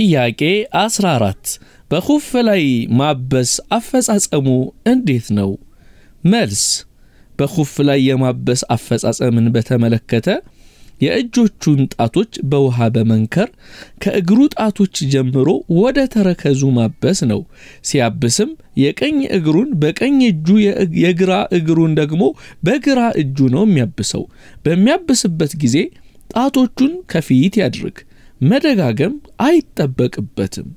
ጥያቄ 14 በኹፍ ላይ ማበስ አፈጻጸሙ እንዴት ነው? መልስ በኹፍ ላይ የማበስ አፈጻጸምን በተመለከተ የእጆቹን ጣቶች በውሃ በመንከር ከእግሩ ጣቶች ጀምሮ ወደ ተረከዙ ማበስ ነው። ሲያብስም የቀኝ እግሩን በቀኝ እጁ፣ የግራ እግሩን ደግሞ በግራ እጁ ነው የሚያብሰው። በሚያብስበት ጊዜ ጣቶቹን ከፊት ያድርግ። መደጋገም አይጠበቅበትም።